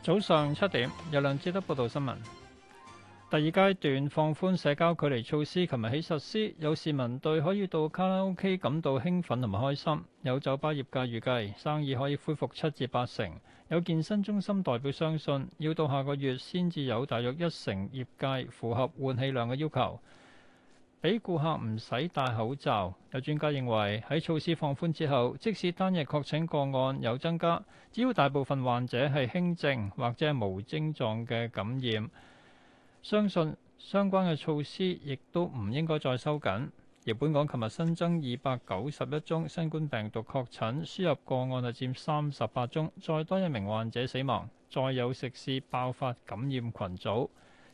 早上七點，有梁志德報道新聞。第二階段放寬社交距離措施，琴日起實施。有市民對可以到卡拉 OK 感到興奮同埋開心。有酒吧業界預計生意可以恢復七至八成。有健身中心代表相信，要到下個月先至有大約一成業界符合換氣量嘅要求。俾顧客唔使戴口罩。有專家認為喺措施放寬之後，即使單日確診個案有增加，只要大部分患者係輕症或者係無症狀嘅感染，相信相關嘅措施亦都唔應該再收緊。而本港琴日新增二百九十一宗新冠病毒確診，輸入個案就佔三十八宗，再多一名患者死亡，再有食肆爆發感染群組。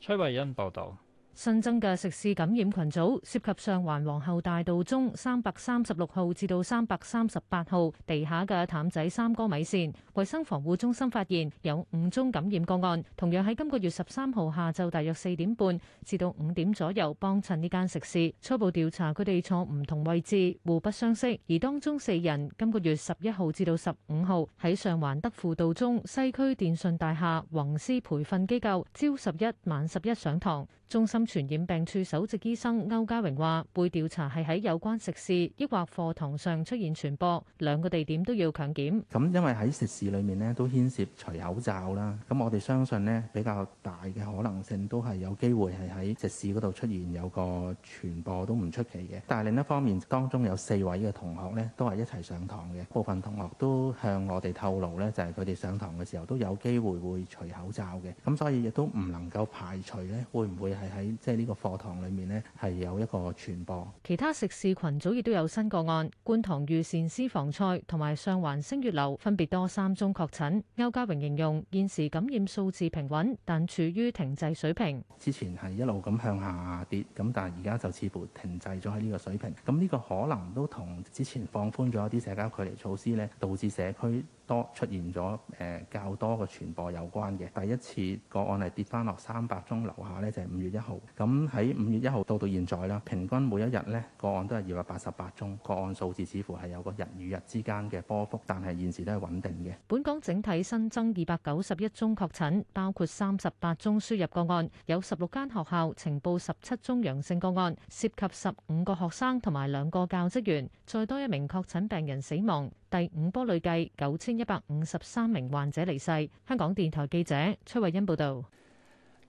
崔慧欣報導。新增嘅食肆感染群組涉及上環皇后大道中三百三十六號至到三百三十八號地下嘅譚仔三哥米線。衛生防護中心發現有五宗感染個案，同樣喺今個月十三號下晝大約四點半至到五點左右幫襯呢間食肆。初步調查佢哋坐唔同位置，互不相識。而當中四人今個月十一號至到十五號喺上環德輔道中西區電信大廈宏師培訓機構朝十一晚十一上堂。中心傳染病處首席醫生歐家榮話：會調查係喺有關食肆抑或課堂上出現傳播，兩個地點都要強檢。咁因為喺食肆裏面呢都牽涉除口罩啦，咁我哋相信呢比較大嘅可能性都係有機會係喺食肆嗰度出現有個傳播都唔出奇嘅。但係另一方面當中有四位嘅同學呢都係一齊上堂嘅，部分同學都向我哋透露呢，就係佢哋上堂嘅時候都有機會會除口罩嘅，咁所以亦都唔能夠排除呢會唔會係喺。即係呢個課堂裏面呢，係有一個傳播。其他食肆群組亦都有新個案，觀塘御善私房菜同埋上環星月樓分別多三宗確診。歐家榮形容現時感染數字平穩，但處於停滯水平。之前係一路咁向下跌，咁但係而家就似乎停滯咗喺呢個水平。咁呢個可能都同之前放寬咗一啲社交距離措施咧，導致社區多出現咗誒較多嘅傳播有關嘅，第一次個案係跌翻落三百宗樓下呢，就係五月一號。咁喺五月一號到到現在啦，平均每一日呢個案都係二百八十八宗，個案數字似乎係有個日與日之間嘅波幅，但係現時都係穩定嘅。本港整體新增二百九十一宗確診，包括三十八宗輸入個案，有十六間學校呈報十七宗陽性個案，涉及十五個學生同埋兩個教職員，再多一名確診病人死亡。第五波累計九千一百五十三名患者離世。香港電台記者崔慧欣報道，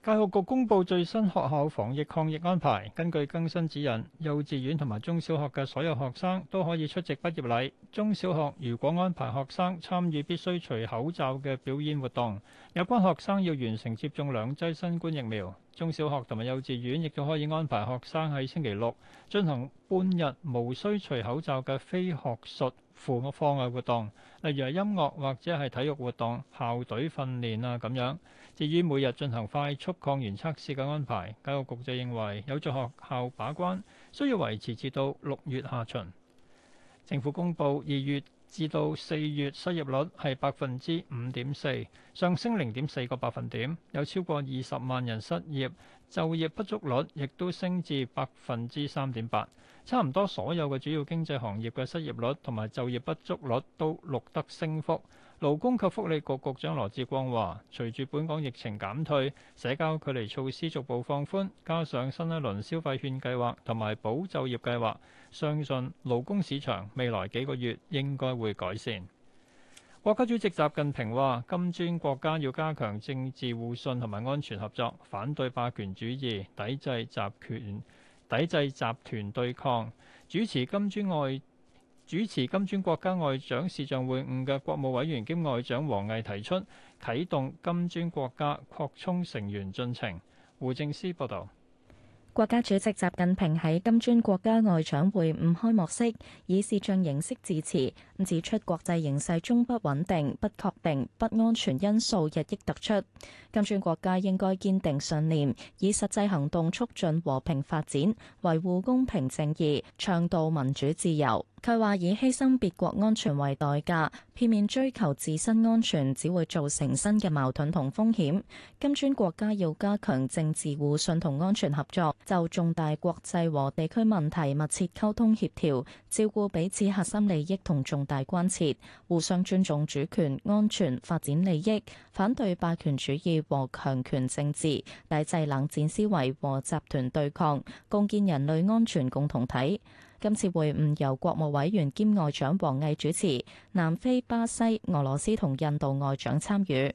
教育局公布最新學校防疫抗疫安排，根據更新指引，幼稚園同埋中小學嘅所有學生都可以出席畢業禮。中小學如果安排學生參與必須除口罩嘅表演活動，有關學生要完成接種兩劑新冠疫苗。中小學同埋幼稚園亦都可以安排學生喺星期六進行半日無需除口罩嘅非學術嘅課外活動，例如係音樂或者係體育活動、校隊訓練啊咁樣。至於每日進行快速抗原測試嘅安排，教育局就認為有助學校把關，需要維持至到六月下旬。政府公布二月至到四月失業率係百分之五點四，上升零點四個百分點，有超過二十萬人失業，就業不足率亦都升至百分之三點八，差唔多所有嘅主要經濟行業嘅失業率同埋就業不足率都錄得升幅。勞工及福利局局長羅致光話：隨住本港疫情減退、社交距離措施逐步放寬，加上新一輪消費券計劃同埋保就業計劃，相信勞工市場未來幾個月應該會改善。國家主席習近平話：金磚國家要加強政治互信同埋安全合作，反對霸權主義，抵制集權，抵制集團對抗，主持金磚外。主持金磚國家外長視像會晤嘅國務委員兼外長王毅提出，啟動金磚國家擴充成員進程。胡正思報導。國家主席習近平喺金磚國家外長會晤開幕式以視像形式致辭，指出國際形勢中不穩定、不確定、不安全因素日益突出。金磚國家應該堅定信念，以實際行動促進和平發展，維護公平正義，倡導民主自由。佢話：以犧牲別國安全為代價，片面追求自身安全，只會造成新嘅矛盾同風險。金磚國家要加強政治互信同安全合作。就重大國際和地區問題密切溝通協調，照顧彼此核心利益同重大關切，互相尊重主權、安全、發展利益，反對霸權主義和強權政治，抵制冷戰思維和集團對抗，共建人類安全共同體。今次會晤由國務委員兼外長王毅主持，南非、巴西、俄羅斯同印度外長參與。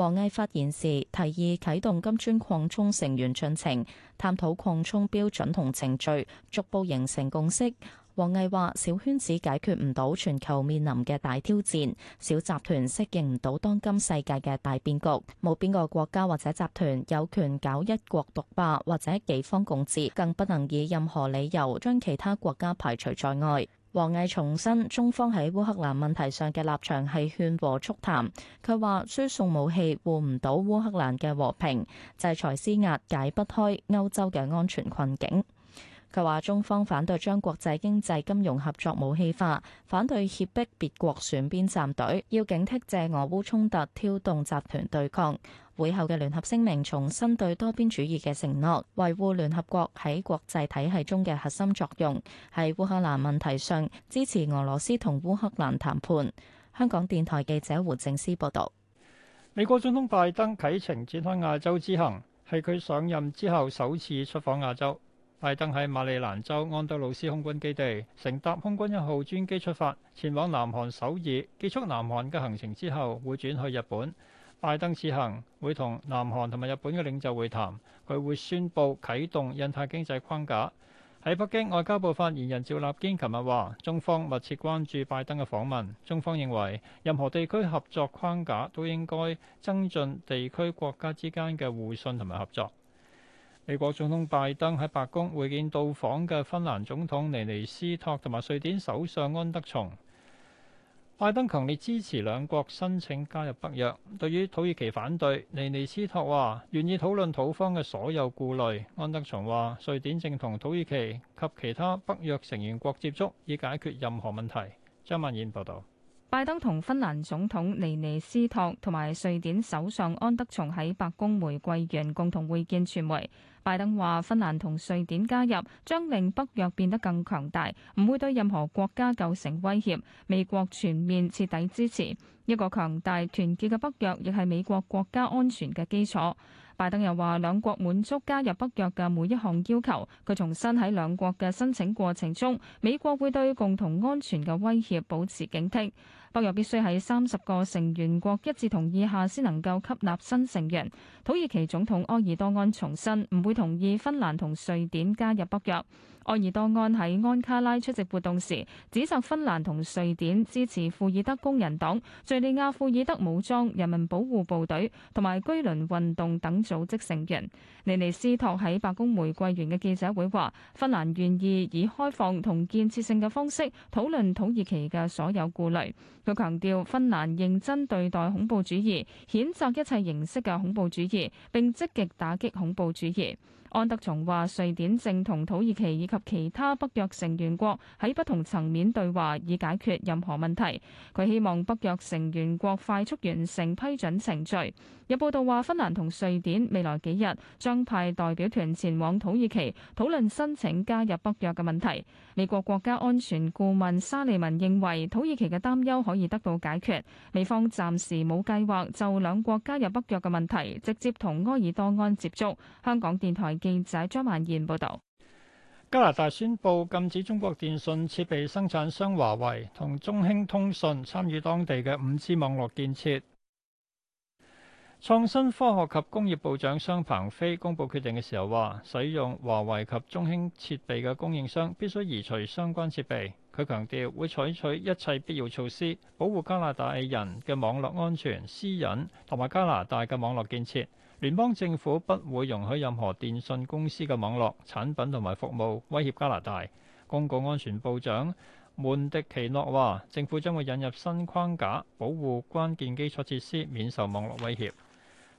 王毅發言時提議啟動金磚擴充成員進程，探討擴充標準同程序，逐步形成共識。王毅話：小圈子解決唔到全球面臨嘅大挑戰，小集團適應唔到當今世界嘅大變局，冇邊個國家或者集團有權搞一國獨霸或者幾方共治，更不能以任何理由將其他國家排除在外。王毅重申，中方喺烏克蘭問題上嘅立場係勸和促談。佢話，輸送武器換唔到烏克蘭嘅和平，制裁施壓解不開歐洲嘅安全困境。佢話中方反對將國際經濟金融合作武器化，反對脅迫別國選邊站隊，要警惕借俄烏衝突挑動集團對抗。會後嘅聯合聲明，重申對多邊主義嘅承諾，維護聯合國喺國際體系中嘅核心作用，喺烏克蘭問題上支持俄羅斯同烏克蘭談判。香港電台記者胡正思報道。美國總統拜登啟程展開亞洲之行，係佢上任之後首次出訪亞洲。拜登喺馬里蘭州安德魯斯空軍基地乘搭空軍一號專機出發，前往南韓首爾。結束南韓嘅行程之後，會轉去日本。拜登此行會同南韓同埋日本嘅領袖會談，佢會宣布啟動印太經濟框架。喺北京，外交部發言人趙立堅琴日話，中方密切關注拜登嘅訪問，中方認為任何地區合作框架都應該增進地區國家之間嘅互信同埋合作。美國總統拜登喺白宮會見到訪嘅芬蘭總統尼尼斯托同埋瑞典首相安德松。拜登強烈支持兩國申請加入北約，對於土耳其反對，尼尼斯托話願意討論土方嘅所有顧慮。安德松話，瑞典正同土耳其及其他北約成員國接觸，以解決任何問題。張曼燕報導。拜登同芬蘭總統尼尼斯托同埋瑞典首相安德松喺白宮玫瑰園共同會見傳媒。拜登話：芬蘭同瑞典加入將令北約變得更強大，唔會對任何國家構成威脅。美國全面徹底支持一個強大團結嘅北約，亦係美國國家安全嘅基礎。拜登又話，兩國滿足加入北約嘅每一項要求。佢重申喺兩國嘅申請過程中，美國會對共同安全嘅威脅保持警惕。北約必須喺三十個成員國一致同意下，先能夠吸納新成員。土耳其總統埃爾多安重申唔會同意芬蘭同瑞典加入北約。埃爾多安喺安卡拉出席活動時，指責芬蘭同瑞典支持庫爾德工人黨、敘利亞庫爾德武裝、人民保護部隊同埋居倫運動等組織成員。尼尼斯托喺白宮玫瑰園嘅記者會話，芬蘭願意以開放同建設性嘅方式討論土耳其嘅所有顧慮。佢強調，芬蘭認真對待恐怖主義，譴責一切形式嘅恐怖主義，並積極打擊恐怖主義。安德松話：瑞典正同土耳其以及其他北約成員國喺不同層面對話，以解決任何問題。佢希望北約成員國快速完成批准程序。有報道話，芬蘭同瑞典未來幾日將派代表團前往土耳其討論申請加入北約嘅問題。美國國家安全顧問沙利文認為土耳其嘅擔憂可以得到解決。美方暫時冇計劃就兩國加入北約嘅問題直接同埃爾多安接觸。香港電台。記者張曼燕報道：加拿大宣布禁止中國電信設備生產商華為同中興通訊參與當地嘅五 G 網絡建設。創新科學及工業部長商鵬飛公布決定嘅時候話，使用華為及中興設備嘅供應商必須移除相關設備。佢強調會採取，取一切必要措施，保護加拿大人嘅網絡安全、私隱同埋加拿大嘅網絡建設。聯邦政府不會容許任何電訊公司嘅網絡產品同埋服務威脅加拿大。公共安全部長門迪奇諾話：政府將會引入新框架，保護關鍵基礎設施免受網絡威脅。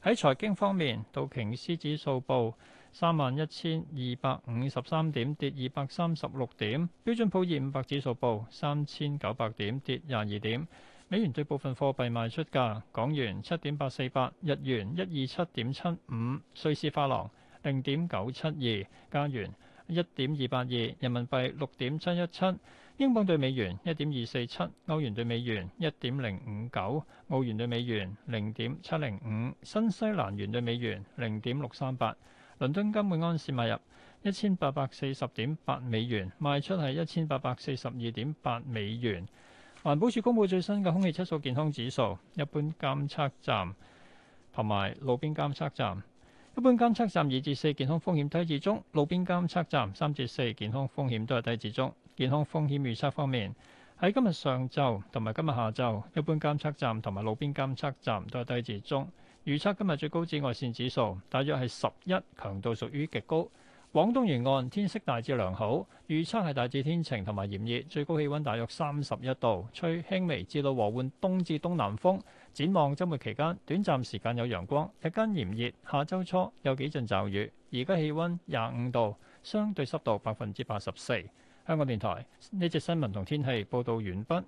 喺財經方面，道瓊斯指數報三萬一千二百五十三點，跌二百三十六點。標準普爾五百指數報三千九百點，跌廿二點。美元對部分貨幣賣出價：港元七點八四八，日元一二七點七五，瑞士法郎零點九七二，加元一點二八二，人民幣六點七一七，英鎊對美元一點二四七，歐元對美元一點零五九，澳元對美元零點七零五，新西蘭元對美元零點六三八。倫敦金每盎司買入一千八百四十點八美元，賣出係一千八百四十二點八美元。環保署公布最新嘅空氣質素健康指數，一般監測站同埋路邊監測站，一般監測站二至四健康風險低至中，路邊監測站三至四健康風險都係低至中。健康風險預測方面，喺今日上晝同埋今日下晝，一般監測站同埋路邊監測站都係低至中。預測今日最高紫外線指數大約係十一，強度屬於極高。廣東沿岸天色大致良好，預測係大致天晴同埋炎熱，最高氣溫大約三十一度，吹輕微至到和緩東至東南風。展望周末期間，短暫時間有陽光，日間炎熱。下周初有幾陣驟雨，而家氣溫廿五度，相對濕度百分之八十四。香港電台呢則、這個、新聞同天氣報道完畢。